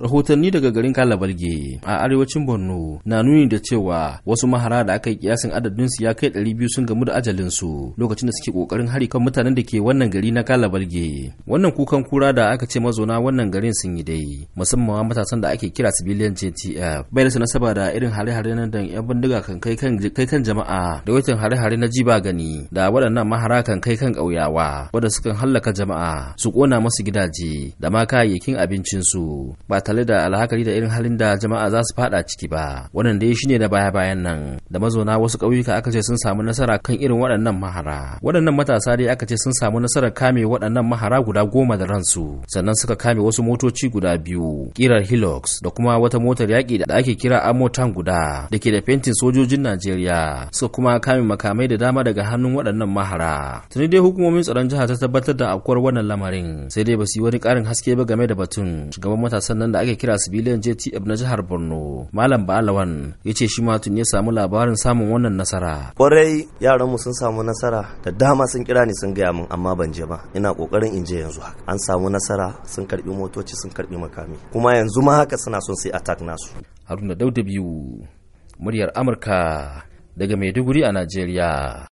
rahotanni daga garin kalabalge a arewacin borno na nuni da cewa wasu mahara da aka yi kiyasin adadin su ya kai ɗari 200 sun gamu da ajalin su lokacin da suke kokarin hari kan mutanen da ke wannan gari na kalabalge wannan kukan kura da aka ce mazauna wannan garin sun yi dai musamman matasan da ake kira civilian jtf bai da nasaba da irin hare-hare na dan yan bindiga kan kai kan kai kan jama'a da watan hare-hare na jiba gani da waɗannan mahara kan kai kan ƙauyawa wanda sukan hallaka jama'a su kona masu gidaje da ma kayayyakin abincin su ba tare da alhakari da irin halin da jama'a za su fada ciki ba wannan dai shine da baya bayan nan da mazauna wasu ƙauyuka aka ce sun samu nasara kan irin waɗannan mahara waɗannan matasa dai aka ce sun samu nasarar kame waɗannan mahara guda goma da ransu sannan suka kame wasu motoci guda biyu kirar hilux da kuma wata motar yaƙi da ake kira amotan guda da ke da fentin sojojin najeriya suka kuma kame makamai da dama daga hannun waɗannan mahara tuni dai hukumomin tsaron jiha ta tabbatar da akwar wannan lamarin sai dai ba su yi wani ƙarin haske ba game da batun shugaban matasan nan da ake kira civilian jtf na jihar borno malam ba'alawan ya ce shi tun ya samu labarin samun wannan nasara kwarai mu sun samu nasara da dama sun kira ni sun gaya min amma ban je ba ina kokarin in je yanzu haka an samu nasara sun karbi motoci sun karbi makami kuma yanzu ma haka suna son sai attack nasu haruna dauda biyu muryar amurka daga maiduguri a najeriya